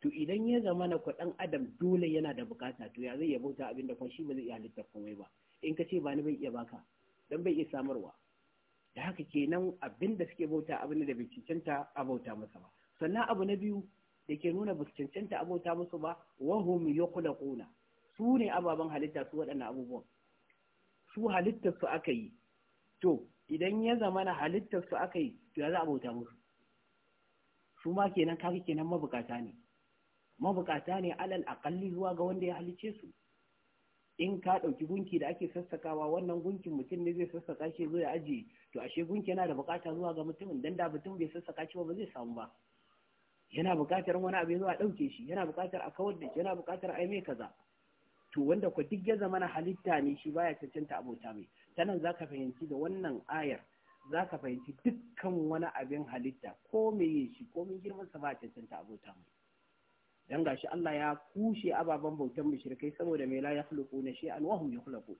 to idan ya zama na ku ɗan adam dole yana da bukata to ya zai ya bauta abin da kuma shi ba zai iya halittar komai ba in ka ce ba ni bai iya baka dan bai iya samarwa da haka kenan abin da suke bauta abin da bai cancanta a bauta masa ba sannan abu na biyu da ke nuna ba su cancanta a bauta musu ba wahum yukhlaquna su ne ababen halitta su waɗannan abubuwan su halittar su aka yi to idan ya zama na halittar su aka yi to ya za a musu su ma kenan kaga kenan mabukata ne mabukata ne alal akalli zuwa ga wanda ya halice su in ka ɗauki gunki da ake sassakawa wannan gunkin mutum ne zai sassaka shi zo ya ajiye to ashe gunki yana da bukata zuwa ga mutumin dan da mutum bai sassaka shi ba zai samu ba yana bukatar wani abu zuwa ɗauke shi yana bukatar a kawar da shi yana bukatar yi mai kaza to wanda ku duk ya zama na halitta ne shi baya cancanta abota mai ta nan za ka fahimci da wannan ayar za ka fahimci dukkan wani abin halitta ko meye shi ko mai girman sa ba cancanta abota mu dan gashi Allah ya kushe ababen bautan mushrikai saboda me la yakhluqu na shay'an ya hum yakhluqu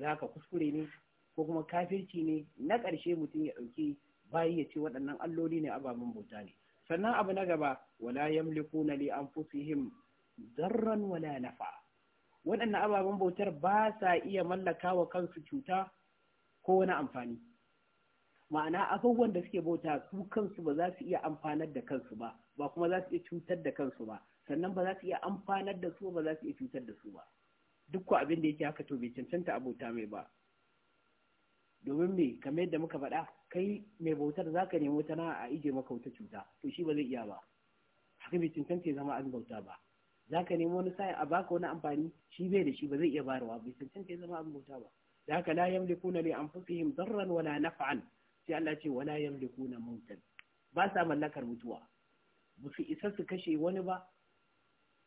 ka kuskure ne ko kuma kafirci ne na ƙarshe mutum ya ɗauki bayi ya ce waɗannan alloli ne ababen bauta ne sannan abu na gaba wala yamlikuna li anfusihim darran wala nafa'a waɗannan ababen bautar ba sa iya mallaka wa kansu cuta ko wani amfani ma'ana abubuwan da suke bauta su kansu ba za su iya amfanar da kansu ba ba kuma za su iya cutar da kansu ba sannan ba za su iya amfanar da su ba za su iya cutar da su ba duk ko abin da yake haka to bai cancanta abota mai ba domin me kamar yadda muka faɗa kai mai bautar za ka nemo ta na a ije maka wata cuta to shi ba zai iya ba haka bai cancanta ya zama an bauta ba za ka nemi wani sa'in a baka wani amfani shi bai da shi ba zai iya barawa bai cancanta ya zama abin bauta ba da haka la yamlikuna li anfusihim darran wala naf'an sai Allah ce wala yamlikuna mautan ba sa mallakar mutuwa ba su isa su kashe wani ba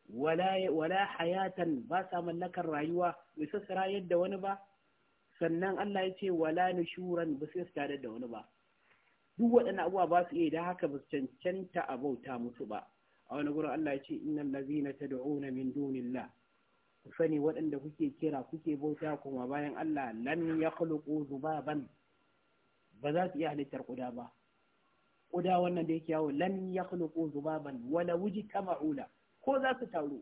wala hayatan ba sa mallakar rayuwa bai isa su rayar da wani ba sannan Allah ya ce wala nushuran ba su tare da wani ba duk waɗannan abubuwa ba su iya da haka ba su cancanta a bauta musu ba a wani gurin Allah ya ce innal na tad'una min dunillah ku sani waɗanda kuke kira kuke bauta kuma bayan Allah lan yakhluqu zubaban ba za su iya halittar kuda ba kuda wannan da yake yawo lan yakhluqu zubaban wala wuji tama'ula ko za su taru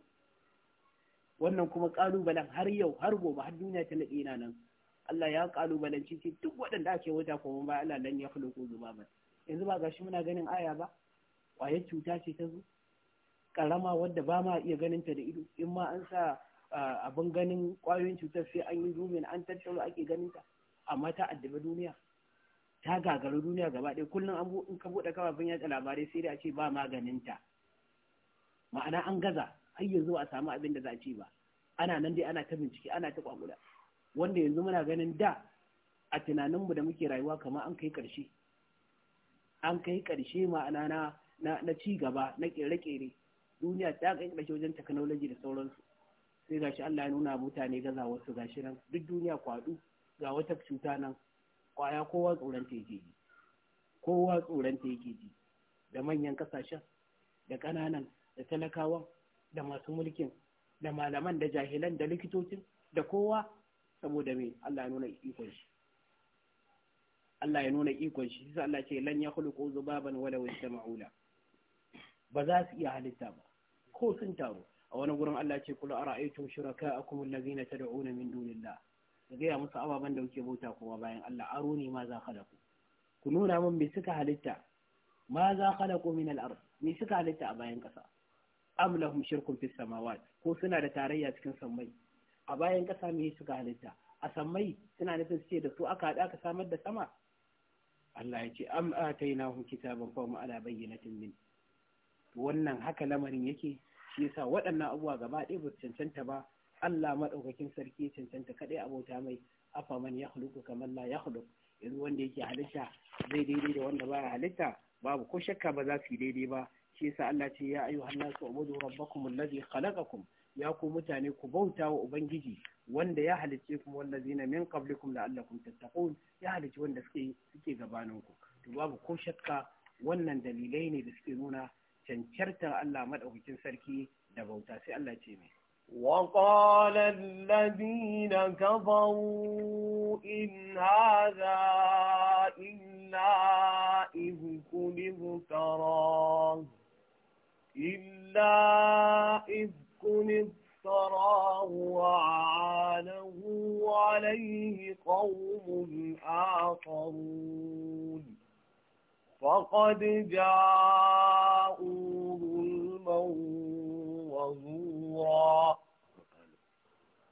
wannan kuma kalubalen har yau har gobe har duniya ta nade na nan Allah ya kalubalanci ce duk waɗanda ake wuta kuma bayan Allah lan yakhluqu zubaban yanzu ba gashi muna ganin aya ba ƙwayar cuta ce ta zo karama wadda ba ma iya ganin ta da ido in ma an sa abin ganin kwayoyin cutar sai an yi rumin an tattaro ake ganin ta amma ta addaba duniya ta gagaru duniya gaba ɗaya kullum an in ka buɗe kafafen yaɗa labarai sai da a ce ba maganin ta ma'ana an gaza har yanzu a samu abin da za a ce ba ana nan dai ana ta bincike ana ta kwakula wanda yanzu muna ganin da a tunaninmu da muke rayuwa kamar an kai ƙarshe an kai karshe ma'ana na na ci gaba na ƙere kere duniya ta kankace wajen technology da sauransu sai gashi Allah ya nuna mutane gaza wasu gashi nan duk duniya kwadu ga wata cuta nan kwaya kowa tsoron ta yake ji kowa tsoron ta yake ji da manyan kasashen da ƙananan da talakawan da masu mulkin da malaman da jahilan da likitocin da kowa saboda me Allah ya nuna ikon shi Allah ya nuna ikon shi sai Allah ce lan ya khuluqu zubaban wala wajtama'ula ba za su iya halitta ba ko sun taru a wani gurin Allah ce kula ara aitum shuraka akum allazina tad'una min dunillah ka gaya musu ababen da kuke bauta kuma bayan Allah aro ne ma za khalaku ku nuna min me suka halitta ma za khalaku min al'ar me suka halitta a bayan kasa am lahum shirkun fis samawat ko suna da tarayya cikin sammai a bayan kasa me suka halitta a sammai suna nufin ce da su aka hada aka samar da sama Allah ya ce am atainahum kitaban fa hum ala bayyinatin min wannan haka lamarin yake shi yasa waɗannan abubuwa gaba ɗaya ba cancanta ba Allah maɗaukakin sarki cancanta kaɗai abota mai afa man ya huluku kamar la ya yanzu wanda yake halitta zai daidai da wanda baya halitta babu ko shakka ba za su yi daidai ba shi yasa Allah ce ya ayyuhan nasu ubudu rabbakum alladhi khalaqakum ya ku mutane ku bauta wa ubangiji wanda ya halicce kuma wallazina min qablikum la'allakum tattaqun ya halicci wanda suke suke gabaninku to babu ko shakka wannan dalilai ne da suke nuna cancantar Allah madaukakin sarki da bauta sai Allah ce mai. وقال الذين كفروا إن هذا إلا إفك افتراه إلا إفك افتراه وعانه عليه قوم آخرون فقد جاءوا ظلما وزورا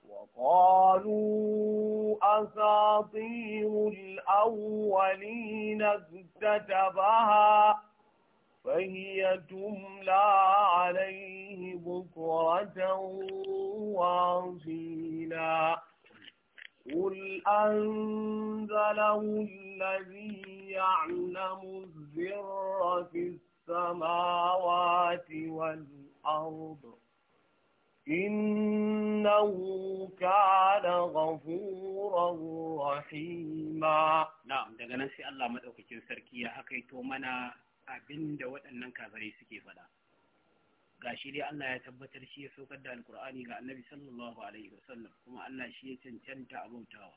وقالوا أساطير الأولين اكتتبها فهي تملى عليه بكرة وعصيلا قل أنزله الذي يعلم الزر في السماوات والأرض إنه كان غفورا رحيما نعم daga nan sai Allah maɗaukakin sarki ya hakaito mana abinda waɗannan kafirai suke faɗa gashi dai Allah ya tabbatar shi ya saukar da alkur'ani ga annabi sallallahu alaihi wasallam kuma Allah shi ya cancanta abautawa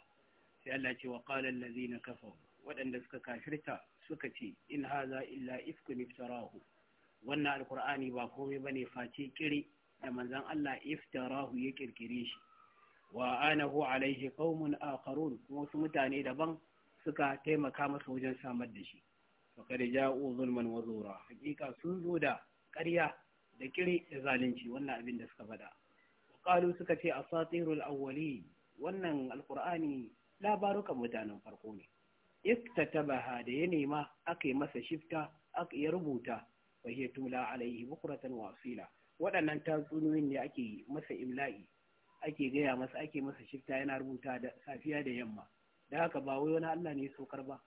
sai Allah ce wa qala na kafa waɗanda suka kafirta suka ce in haza illa ifkun iftarahu wannan alkur'ani ba komai bane face kire da manzon Allah iftarahu ya kirkire shi wa anahu alaihi qaumun akharun kuma wasu mutane daban suka taimaka masa wajen samar da shi faqad ja'u zulman wa zura hakika sun zo da ƙarya da kire da zalunci wannan abin da suka faɗa qalu suka ce asatirul awwalin wannan alkur'ani labarukan mutanen farko ne iktatabaha da ya nema aka yi masa shifta aka ya rubuta wa ya tula alaihi bukratan wa asila waɗannan tatsuniyoyin ne ake masa imla'i ake gaya masa ake masa shifta yana rubuta da safiya da yamma da haka ba wai wani Allah ne saukar ba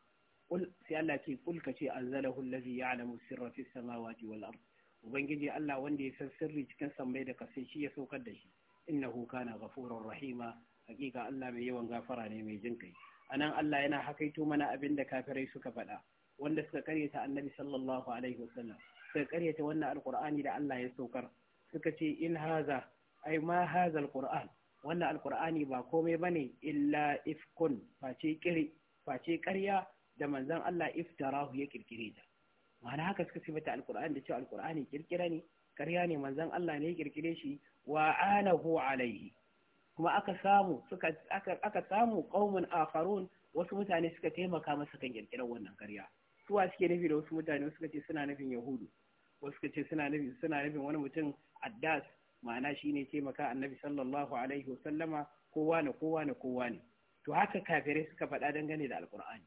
kul sai Allah ce kul ka ce anzalahu allazi ya'lamu sirra fis samawati wal ard ubangiji Allah wanda ya san sirri cikin sammai da kasai shi ya saukar da shi innahu kana ghafurur rahima hakika Allah mai yawan gafara ne mai jin anan Allah yana hakaito mana abin da kafirai suka faɗa wanda suka karyata annabi sallallahu alaihi wasallam suka karyata wannan alqur'ani da Allah ya saukar suka ce in haza ai ma haza alqur'an wannan alqur'ani ba komai bane illa ifkun face kiri face ƙarya da manzon Allah iftarahu ya kirkire ta ma'ana haka suka sifata alqur'ani da cewa alqur'ani kirkira ne ƙarya ne manzon Allah ne ya kirkire shi wa anahu alaihi kuma aka samu suka aka aka samu akharun wasu mutane suka taimaka masa kan kirkirar wannan ƙarya suwa suke nufi da wasu mutane suka ce suna nufin yahudu wasu suka ce suna nufin suna nufin wani mutum addas ma'ana shine taimaka annabi sallallahu alaihi wa sallama kowa ne kowa ne kowa ne to haka kafire suka faɗa dangane da alqur'ani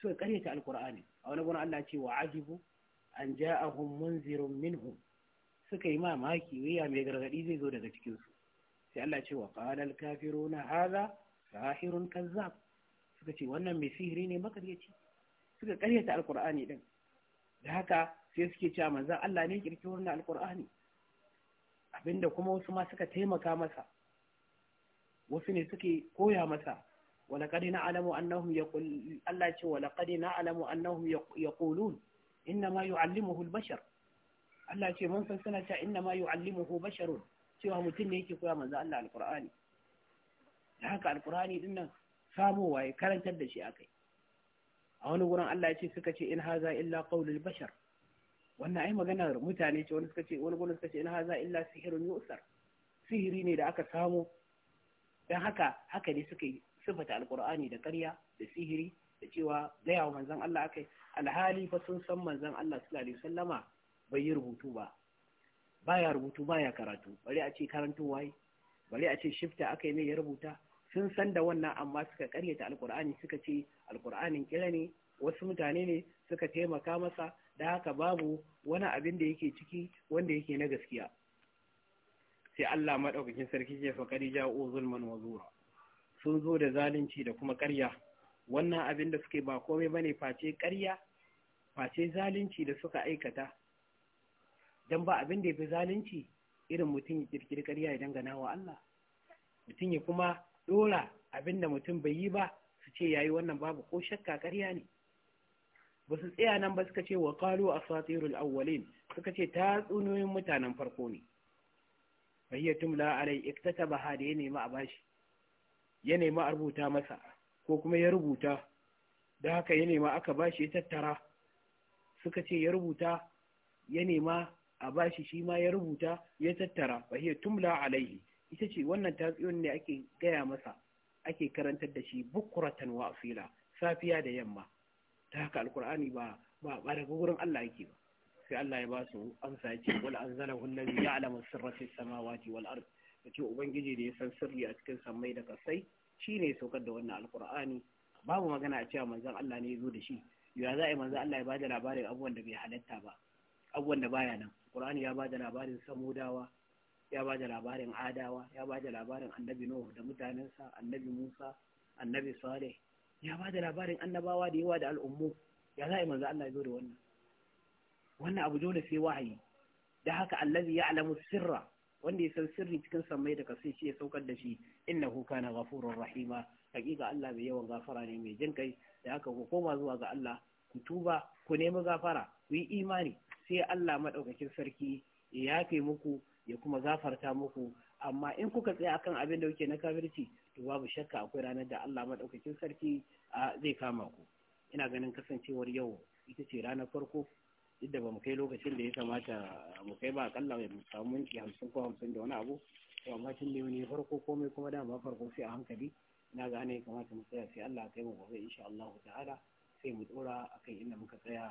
suka karyata alqur'ani a wani gurin Allah ce wa ajibu an ja'ahum munzirun minhum suka yi mamaki waya mai gargadi zai zo daga cikin su sai Allah ce wa qala al-kafiruna hadha sahirun kazzab suka ce wannan mai sihiri ne makaryaci suka karyata alqur'ani din da haka sai suke cewa manzon Allah ne kirkirar da alqur'ani abinda kuma wasu ma suka taimaka masa wasu ne suke koya masa ولقد نعلم أنهم يقول الله ولقد نعلم أنهم يقولون إنما يعلمه البشر Allah ce mun san suna cewa inna ma yu'allimuhu basharun cewa mutum ne yake koya manzo Allah alqur'ani da haka alqur'ani din nan samowa ya karantar da shi akai a wani wurin Allah ya ce suka ce in haza illa qawlul bashar wannan ai magana mutane ce wani suka ce wani gurin suka ce in haza illa sihirun yusar sihiri ne da aka samo dan haka haka ne suka yi sifata alqur'ani da ƙarya da sihiri da cewa gaya wa manzon Allah akai alhali fa sun san manzon Allah sallallahu alaihi wasallama bai yi rubutu ba baya rubutu baya karatu bari a ce karantu waye bari a ce shifta aka yi mai ya rubuta sun san da wannan amma suka karyata alkur'ani suka ce alkur'anin kira ne wasu mutane ne suka taimaka masa da haka babu wani abin da yake ciki wanda yake na gaskiya sai Allah madaukakin sarki ya fa kadi ja'u zulman wa zura sun zo da zalunci da kuma karya. wannan abin da suke ba komai bane face ƙarya face zalunci da suka aikata dan ba abin da ya fi zalunci irin mutum ya kirkiri ƙarya ya dangana wa Allah mutum ya kuma dora abin da mutum bai yi ba su ce ya yi wannan babu ko shakka karya ne ba su tsaya nan ba suka ce wa a satirul awwalin suka ce ta tsunoyin mutanen farko ne fahiya tumla alai iktataba hada ya nemi a bashi ya nemi a rubuta masa ko kuma ya rubuta da haka ya nema aka bashi ya tattara suka ce ya rubuta ya nema a bashi shi ma ya rubuta ya tattara Ba hiya tumla alaihi ita ce wannan tatsiyon ne ake gaya masa ake karantar da shi bukuratan wa fila, safiya da yamma ta haka alkur'ani ba ba ba daga gurin Allah yake ba sai Allah ya ba su amsa ce wal anzalahu allazi ya'lamu sirra fis samawati wal ard yace ubangiji da ya san sirri a cikin samai da kasai shine ya saukar da wannan alkur'ani babu magana a cewa manzon Allah ne ya zo da shi ya za a yi manzon Allah ya bada labarin abubuwan da bai halatta ba abubuwan da baya nan Qur'ani ya bada labarin Samudawa ya bada labarin Adawa ya bada labarin Annabi Nuh da mutanensa Annabi Musa Annabi Saleh ya bada labarin annabawa da yawa da al'ummu ya za'i manzo Allah ya zo da wannan wannan abu dole sai wahayi da haka allazi ya'lamu sirra wanda ya san sirri cikin samai da kasai shi ya saukar da shi innahu kana ghafurur rahima hakika Allah bai yawan gafara ne mai jin kai da haka ku koma zuwa ga Allah ku tuba ku nemi gafara ku yi imani sai Allah maɗaukakin sarki ya yafe muku ya kuma zafarta muku amma in kuka tsaya akan abin da kuke na kafirci to babu shakka akwai ranar da Allah maɗaukakin sarki zai kama ku ina ganin kasancewar yau ita ce ranar farko duk da bamu kai lokacin da ya kamata mu kai ba akalla mu samu minti hamsin ko hamsin da wani abu to amma tun da wani farko komai kuma dama farko sai a hankali na gane kamata mu tsaya sai Allah ya kai mu gobe insha Allah ta'ala sai mu dora akan inda muka tsaya